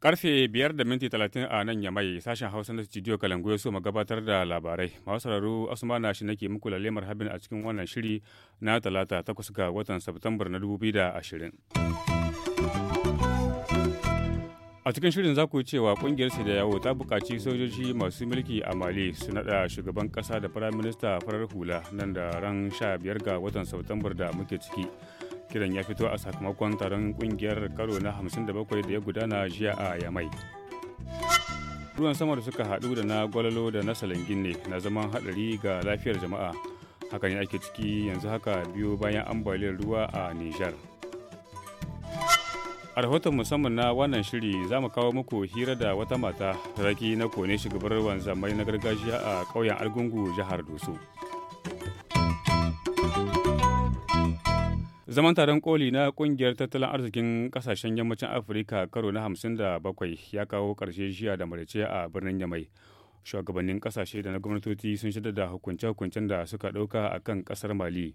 karfe 5 da minti talatin a nan yamai sashen hausa na studio kalangu ya so gabatar da labarai masu sauraro asuma shi nake muku lalemar habin a cikin wannan shiri na talata takwas ga watan Satumbar na dubu da ashirin. a cikin shirin za ku yi cewa kungiyar da yawo ta buƙaci sojoji masu mulki a mali su naɗa shugaban ƙasa da firayim minista farar hula nan da ran sha biyar ga watan sautambar da muke ciki kiran ya fito a sakamakon taron kungiyar karo na 57 da ya gudana jiya a yamai ruwan sama da suka haɗu da na gwalalo da na salangin ne na zaman haɗari ga lafiyar jama'a hakan ya ake ciki yanzu haka biyu bayan ambaliyar ruwa a nijar a rahoton musamman na wannan shiri za mu kawo muku hira da wata mata raki na kone shugabar wanzamai na gargajiya a ƙauyen argungu jihar doso zaman taron koli na kungiyar tattalin arzikin kasashen yammacin afirka karo na 57 ya kawo ƙarshe jiya da marice a birnin yamai shugabannin kasashe da na gwamnatoci sun shaidar da hukunce-hukuncen da suka ɗauka a kan ƙasar mali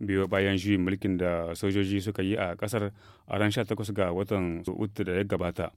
biyo bayan juyin mulkin da sojoji suka yi a ƙasar a ran 18 ga watan zuut da ya gabata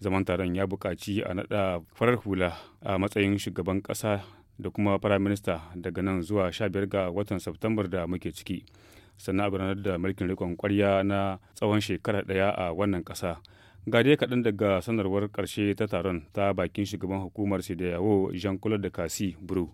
zaman taron ya buƙaci a naɗa farar hula a matsayin shugaban ƙasa da kuma firaminista daga nan zuwa 15 ga watan Septambar da muke ciki sannan a gudanar da mulkin rikon kwarya na tsawon shekara ɗaya a wannan ƙasa. Ga dai kaɗan daga sanarwar ƙarshe ta taron ta bakin shugaban hukumar Sidiyawo Jean-Claude Kasi Bru.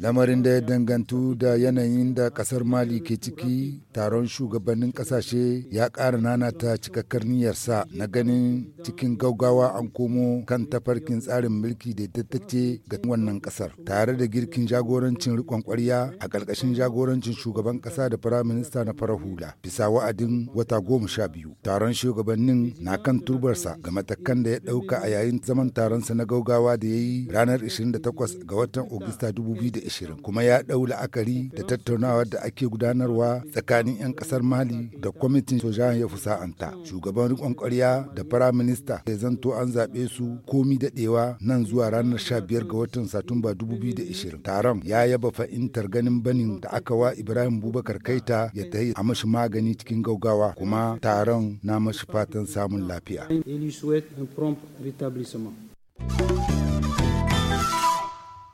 Lamarin da ya dangantu da yanayin da kasar Mali ke ciki taron shugabannin kasashe ya ƙara nanata cikakkar niyyarsa na ganin cikin gaugawa an komo kan tafarkin tsarin mulki da tattace ga wannan kasar tare da girkin jagorancin rikon kwarya a ƙarƙashin jagorancin shugaban ƙasa da firaminista na farar hula bisa wa'adin wata goma sha biyu. Taron shugabannin na kan turbarsa ga matakan da ya ɗauka a yayin zaman taronsa na gaugawa da ya yi ranar 20 28 ga watan Agusta 2020 kuma ya ɗau la'akari da tattaunawar da ake gudanarwa tsakanin 'yan ƙasar Mali da kwamitin sojan ya fusa'anta. Shugaban riƙon ƙwarya da firaminista ya zanto an zaɓe su komi daɗewa nan zuwa ranar 15 ga watan Satumba 2020. Taron ya yaba fahimtar ganin banin da aka wa Ibrahim Bubakar Kaita ya tahi a mashi magani cikin gaugawa kuma taron na mashi fatan samun lafiya.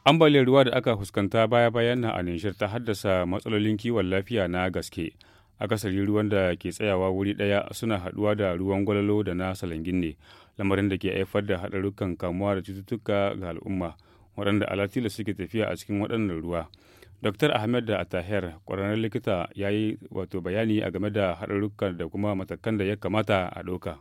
ambaliyar ruwa da aka fuskanta baya-bayan na a Nijar ta haddasa matsalolin kiwon lafiya na gaske. Akasari ruwan da ke tsayawa wuri daya suna haɗuwa da ruwan gwalalo da na salangin ne, lamarin da ke haifar da haɗarukan kamuwa da cututtuka ga al'umma, waɗanda alatila suke tafiya a cikin waɗannan ruwa. Dr. Ahmed da Atahir, ƙwararren likita, ya yi wato bayani a game da haɗarukan da kuma matakan da ya kamata a ɗauka.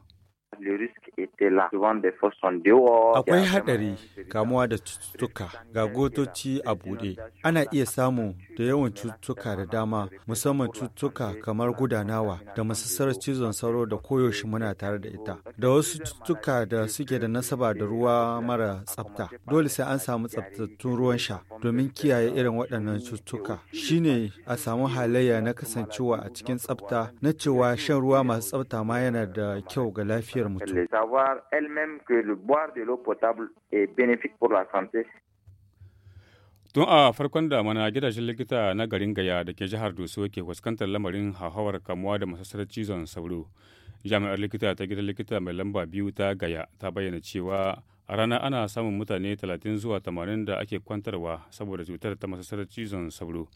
Akwai hadari kamuwa da cututtuka ga gotoci a bude Ana iya samu da yawan cututtuka da dama musamman cututtuka kamar gudanawa da masassar cizon sauro da koyaushe muna tare da ita. Da wasu cututtuka da suke da nasaba da ruwa mara tsafta. Dole sai an samu tsaftattun ruwan sha domin kiyaye irin waɗannan cututtuka. Shine a samu halayya na kasancewa a cikin tsafta na cewa shan ruwa masu tsafta ma yana da kyau ga lafiyar mutum. savoir elle-même que le boire de l'eau potable est bénéfique pour la santé. Tun a farkon damana gidajen likita na garin Gaya da ke jihar Doso ke fuskantar lamarin hauhawar kamuwa da masassarar cizon sauro. Jami'ar likita ta gidan likita mai lamba biyu ta Gaya ta bayyana cewa a rana ana samun mutane 30 zuwa 80 da ake kwantarwa saboda cutar ta masassarar cizon sauro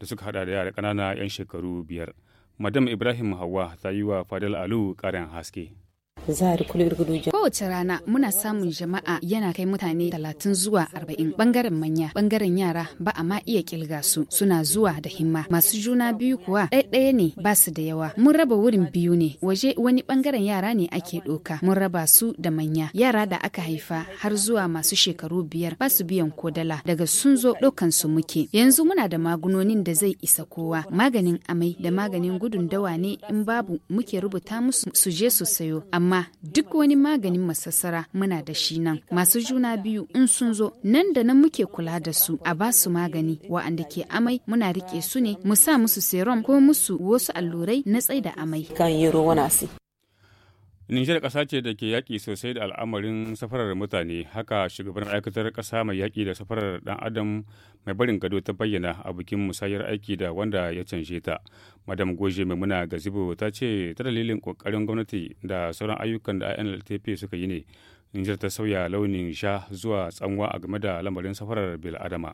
da suka hada da yara kanana 'yan shekaru biyar. Madam Ibrahim Hawa ta yi wa Fadil Alu karin haske. ظاهر كل رجل Kowace rana muna samun jama'a yana kai mutane talatin zuwa arba'in bangaren manya bangaren yara ba a ma iya kilga su suna zuwa da himma masu juna biyu kuwa ɗaya ne ba su da yawa mun raba wurin biyu ne waje wani bangaren yara ne ake ɗoka mun raba su da manya yara da aka haifa har zuwa masu shekaru biyar ba su biyan kodala daga sun zo ɗaukan su muke yanzu muna da magunonin da zai isa kowa maganin amai da maganin gudun dawa ne in babu muke rubuta musu su je su sayo amma duk wani magani maganin masassara muna da shi nan masu juna biyu in sun zo nan da nan muke kula da su a ba su magani wa'anda ke amai muna rike su ne mu sa musu serum ko musu wasu allurai na tsaida amai kan yi Nijar ƙasa ce da ke yaƙi sosai da al'amarin safarar mutane, haka shugaban aikatar ƙasa mai yaƙi da safarar ɗan adam mai barin gado ta bayyana a bikin musayar aiki da wanda ya canje ta. Madam Goje ga Gazibo ta ce ta dalilin ƙoƙarin gwamnati da sauran ayyukan da INLTP suka yi ne, Nijar ta sauya launin sha zuwa tsanwa a game da lamarin safarar bil'adama.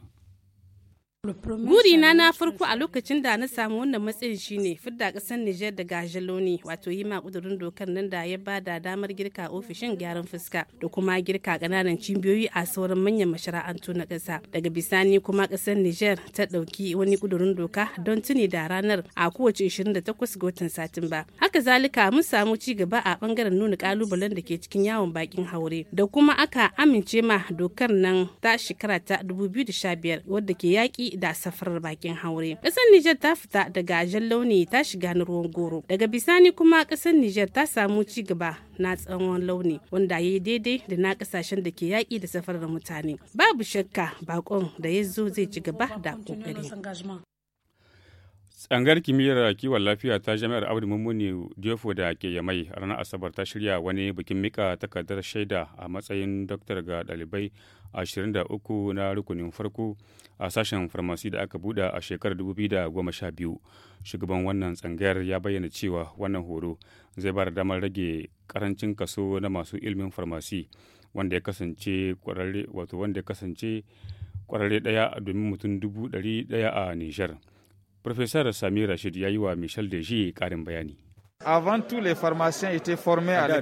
Guri na na farko a lokacin da na samu wannan matsayin shine fidda kasar Nijar da Jaloni wato yi ma kudurin dokar nan da ya bada damar girka ofishin gyaran fuska da kuma girka kananan cibiyoyi a sauran manyan mashara'antu na kasa. Daga bisani kuma kasar Nijar ta dauki wani kudurin doka don tuni da ranar a kowace 28 ga watan Satumba. Haka zalika mun samu ci gaba a bangaren nuna kalubalen da ke cikin yawon bakin haure da kuma aka amince ma dokar nan ta shekara ta 2015 wadda ke yaki da safarar bakin haure ƙasar nijar ta fita daga ajiyar launi ta shiga na ruwan goro daga bisani kuma ƙasar nijar ta samu ci gaba na tsawon launi wanda ya yi daidai da na kasashen da ke yaƙi da safar da mutane babu shakka bakon da ya zo zai ci gaba da ƙoƙari tsangar kimiyyar kiwon lafiya ta jami'ar audu mummuni diofo da ke yamai a ranar asabar ta shirya wani bikin mika takardar shaida a matsayin doktor ga dalibai 23 na rukunin farko a sashen farmasi da aka buɗe a shekarar 2012 shugaban wannan tsangayar ya bayyana cewa wannan horo zai ba damar rage karancin kaso na masu ilmin farmasi wanda ya kasance kwararre wato wanda ya kasance kwararre daya domin mutum dubu daya a nijar Profesar Sami Rashid ya yi wa Michel Deji ƙarin bayani. Avant a da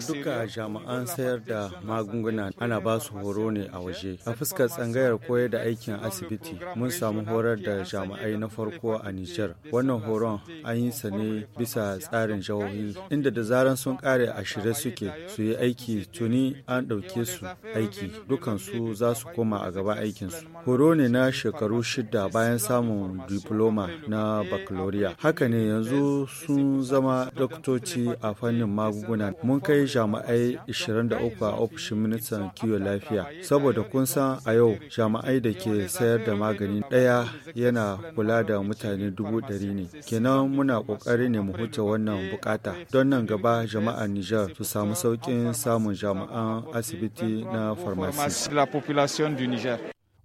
duka jami'an sayar da magunguna ana ba su horo ne a waje. A fuskar tsangayar koyar da aikin asibiti mun samu horar da jami'ai na farko a Nijar. Wannan horon an yi sa ne bisa tsarin jihohi inda da zaran sun kare a shirye suke su yi aiki tuni an ɗauke su aiki dukansu za su koma a gaba aikinsu. Horo ne na shekaru shida bayan samun diploma na baccalaureate. Haka ne yanzu sun zama doctor ministoci a fannin magunguna mun kai jami'ai 23 a ofishin ministan kiwon lafiya saboda kun san a yau jama'ai da ke sayar da magani ɗaya yana kula da mutane dubu ɗari ne kenan muna ƙoƙari ne mu huce wannan bukata don nan gaba jama'a niger su samu saukin samun jama'an asibiti na farmasi.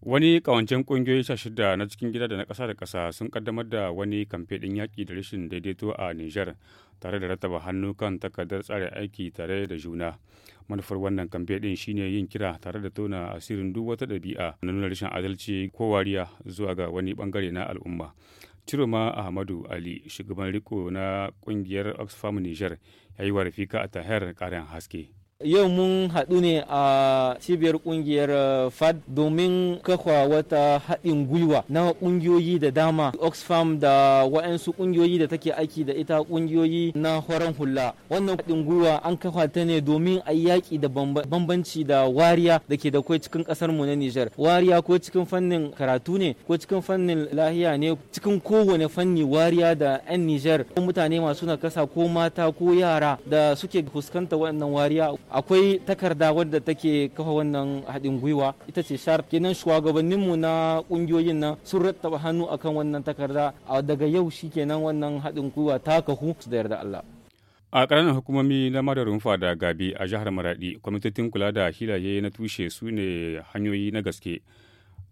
Wani kawancin kungiyoyi sha shida na cikin gida da na ƙasa da ƙasa sun kaddamar da wani kamfe ɗin yaƙi da rashin daidaito a Nijar tare da rattaba hannu kan takardar tsare aiki tare da juna. Manufar wannan kamfe ɗin shine yin kira tare da tona asirin duk wata ɗabi'a na nuna rashin adalci ko wariya zuwa ga wani ɓangare na al'umma. Ciroma Ahmadu Ali, shugaban riko na ƙungiyar Oxfam Nijar, ya yi wa Rafika a Tahir ƙarin haske. Yau mun haɗu ne a cibiyar ƙungiyar eh, FAD domin kafa wata haɗin gwiwa na ƙungiyoyi da dama Oxfam da waɗansu ƙungiyoyi da take aiki da ita ƙungiyoyi na horon hula. Wannan haɗin gwiwa an kafa ta ne domin a yaƙi da bambanci da wariya da ke da kwai cikin ƙasar mu na Nijar. Wariya ko cikin fannin karatu ne ko cikin fannin lahiya ne cikin kowane fanni wariya da 'yan Nijar ko mutane masu nakasa ko mata ko yara da suke fuskanta wannan wariya akwai takarda wadda take kafa wannan haɗin gwiwa ita ce shar kenan shugabanninmu na ƙungiyoyin nan sun rattaba hannu akan wannan takarda a daga yau shi kenan wannan haɗin gwiwa ta kahu su da yarda Allah. a ƙananan hukumomi na da rumfa da gabi a jihar maradi kwamitatin kula da hilaye na tushe su ne hanyoyi na gaske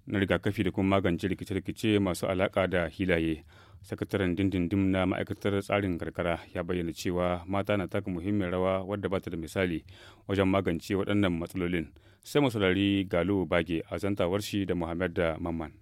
na rigakafi da kuma magance rikice-rikice masu alaka da hilaye. sakataren dindindim na ma'aikatar tsarin karkara ya bayyana cewa mata na taka muhimmiyar rawa wadda ba ta da misali wajen magance waɗannan matsalolin sai masu saurari galo bage a zantawar shi da muhammad da mamman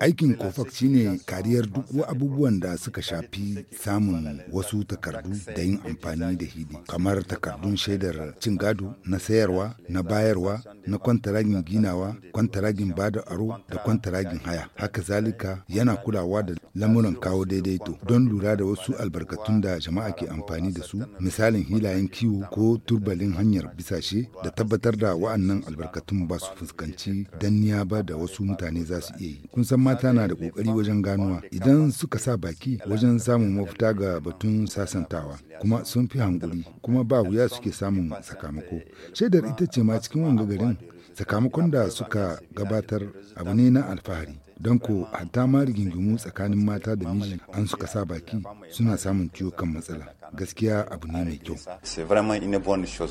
Aikin shi ne kariyar duk abubuwan da suka shafi samun wasu takardu da yin amfani da hidi, kamar takardun shaidar cin gado na sayarwa, na bayarwa, na kwantaragin ginawa, kwantaragin bada aro da kwantaragin haya. Haka zalika yana kulawa da lamuran kawo daidaito don lura da wasu albarkatun da jama'a ke amfani da su, misalin hilayen kiwo ko turbalin hanyar bisashe da tabbatar da wa'annan albarkatun ba su fuskanci danniya ba da wasu mutane za su iya yi kun san mata na da kokari wajen ganuwa idan suka sa baki wajen samun mafita ga batun sasantawa kuma sun fi hankuri kuma ba wuya suke samun sakamako shaidar ita ce ma cikin wanga garin sakamakon da suka gabatar abu ne na alfahari don ko hatta ma rigingimu tsakanin mata da miji an suka sa baki suna samun ciwo kan matsala gaskiya abu ne mai kyau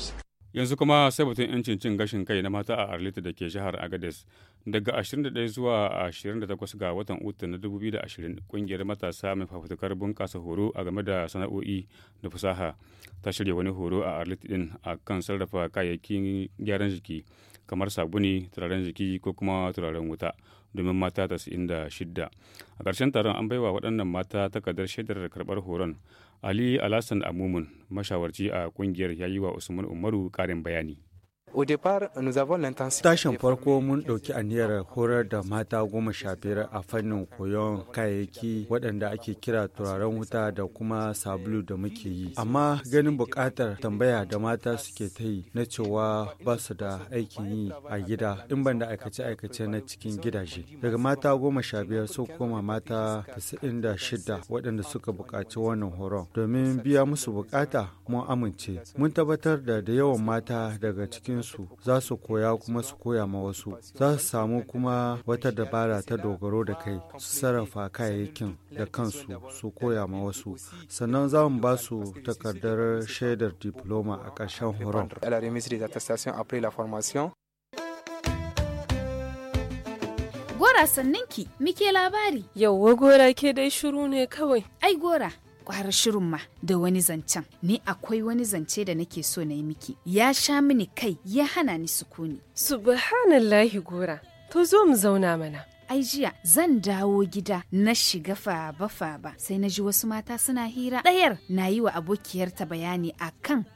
yanzu kuma sai batun yancin cin gashin kai na mata a arlita da ke jihar agades daga 21 zuwa 28 ga watan uta na 2020 kungiyar matasa mai fafutukar bunƙasa horo a game da sana'o'i da fasaha ta shirya wani horo a arlita din a kan sarrafa kayayyakin gyaran jiki kamar sabuni turaren jiki ko kuma turaren wuta domin mata da shidda a ƙarshen taron an baiwa waɗannan mata takardar shaidar karɓar horon ali alasan amumun mashawarci a ƙungiyar yayi wa usman umaru ƙarin bayani Tashin farko mun ɗauki aniyar horar da mata goma sha biyar a fannin koyon kayayyaki waɗanda ake kira turaren wuta da kuma sabulu da muke yi. Amma ganin buƙatar tambaya da mata suke ta yi na cewa ba su da aikin yi a gida in ban da aikace-aikace na cikin gidaje. Daga mata goma sha biyar sun koma mata tasa'in da shida waɗanda suka buƙaci wannan horon. Domin biya musu buƙata mun amince. Mun tabbatar da da yawan mata daga cikin kansu za su koya kuma su koya ma wasu za su samu kuma wata dabara ta dogaro da kai su sarrafa kayayyakin da kansu su koya ma wasu sannan za mu ba su takardar shaidar diploma a ƙarshen horon Gora ki muke labari. Yauwa gora ke dai shiru ne kawai. Ai gora, kwara shirin ma da wani zancen ni akwai wani zance da nake so na yi miki ya sha mini kai ya hana ni sukuni subhanallahi gora to zo mu zauna mana ai jiya zan dawo gida na shiga faba faba sai na ji wasu mata suna hira ɗayar na yi wa abokiyarta bayani akan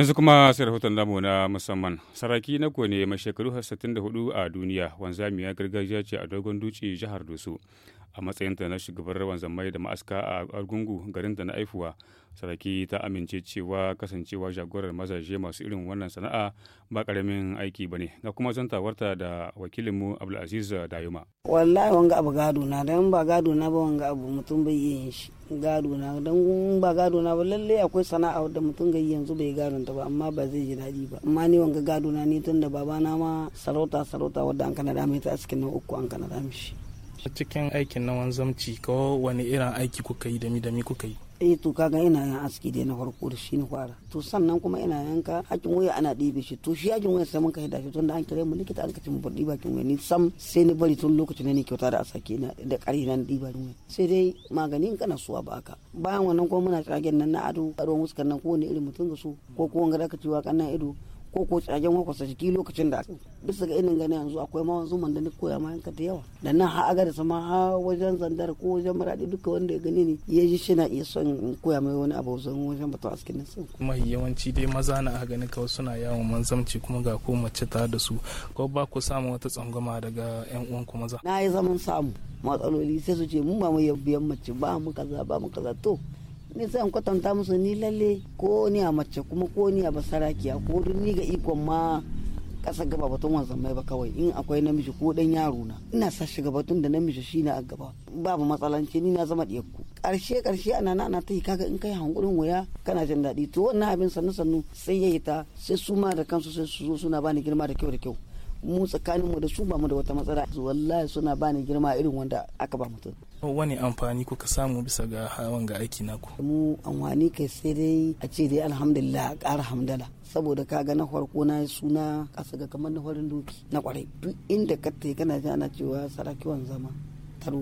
yanzu kuma sai rahoton namu na musamman saraki na kone mai shekaru 64 a duniya wanzamiya gargajiya ce a dogon dutse jihar dusu. a matsayinta na shugabar rawan zamai da ma'aska a argungu garin da na aifuwa saraki ta amince cewa kasancewa jagorar mazaje masu irin wannan sana'a ba karamin aiki bane ga kuma zantawarta da wakilinmu abdulaziz dayuma wallahi wanga abu gado na dan ba gado na ba wanga abu mutum bai yi shi gado na dan ba gado na ba lalle akwai sana'a da mutum gai yanzu bai gado ta ba amma ba zai ji daɗi ba amma ni wanga gado na ni tunda babana ma sarauta sarauta wadda an kana dame ta a cikin uku an kana dame shi cikin aikin na wanzamci ko wani irin aiki kuka yi dami dami kuka yi eh to kaga ina yan aski dai na farko da shi ne fara to sannan kuma ina yanka hakin waya ana ɗebe shi to shi hakin waya sai mun kai da shi tunda an kira mu likita an kace mu bar ɗiba kin waya ni sam sai ni bari tun lokacin ne kyauta da asake na da ƙari na ɗiba ruwa sai dai maganin kana suwa ba haka bayan wannan kuma muna kagen nan na ado a ruwan wuskan nan wani irin mutum ga su ko ko ga da wa ciwa kannan ido ko ko tsagen sa jiki lokacin da bisa ga inin gani yanzu akwai ma wanzu man da ni koya ma yanka da yawa da nan har da sama ha wajen zandar ko wajen maradi duka wanda ya gani ne ya ji shi na iya son koya mai wani abu wajen wajen bata askin nan sun kuma yawanci dai maza na a gani kawai suna yawon manzamci kuma ga ko mace ta da su ko ba ku samu wata tsangwama daga yan uwan ku maza na yi zaman samu matsaloli sai su ce mun ba mu yabbiyan mace ba mu kaza ba mu kaza to ne sai an kwatanta musu ni lalle ko ni a mace kuma ko ni a basarakiya ko ni ga ikon ma kasa gaba batun wasan mai ba kawai in akwai namiji ko dan yaro na ina sa shiga batun da namiji na a gaba babu matsalanci ni na zama diyakku karshe karshe ana na ana ta yi kaga in kai hankulin waya kana jin daɗi to wannan abin sannu sannu sai ya ta sai su ma da kansu sai su zo suna bani girma da kyau da kyau mu tsakanin mu da su ba mu da wata matsala wallahi suna bani girma irin wanda aka ba mutum wani amfani kuka samu bisa ga hawan ga aiki naku mu amfani kai sai dai a ce dai alhamdulillah ƙara hamdala saboda ka ga na farko na suna kasa ga kamar na farin doki na kwarai duk inda ka yi kana ji ana cewa sarakiwan zama taro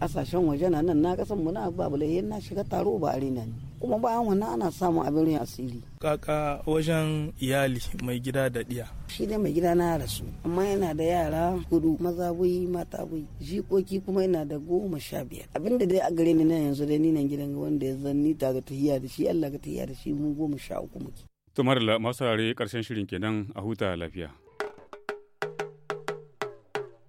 kasashen waje na nan na kasan mu na babu lahi na shiga taro ba arena ne kuma bayan wannan ana samun abin rin asiri kaka wajen iyali mai gida da diya shi ne mai gida na rasu amma yana da yara hudu maza bai mata bai jikoki kuma yana da goma sha biyar Abin da dai a gare ni nan yanzu dai ni nan gidan wanda ya zanni ta ga tahiya da shi Allah ga tahiya da shi mu goma sha uku muke tumar masu karshen shirin kenan a huta lafiya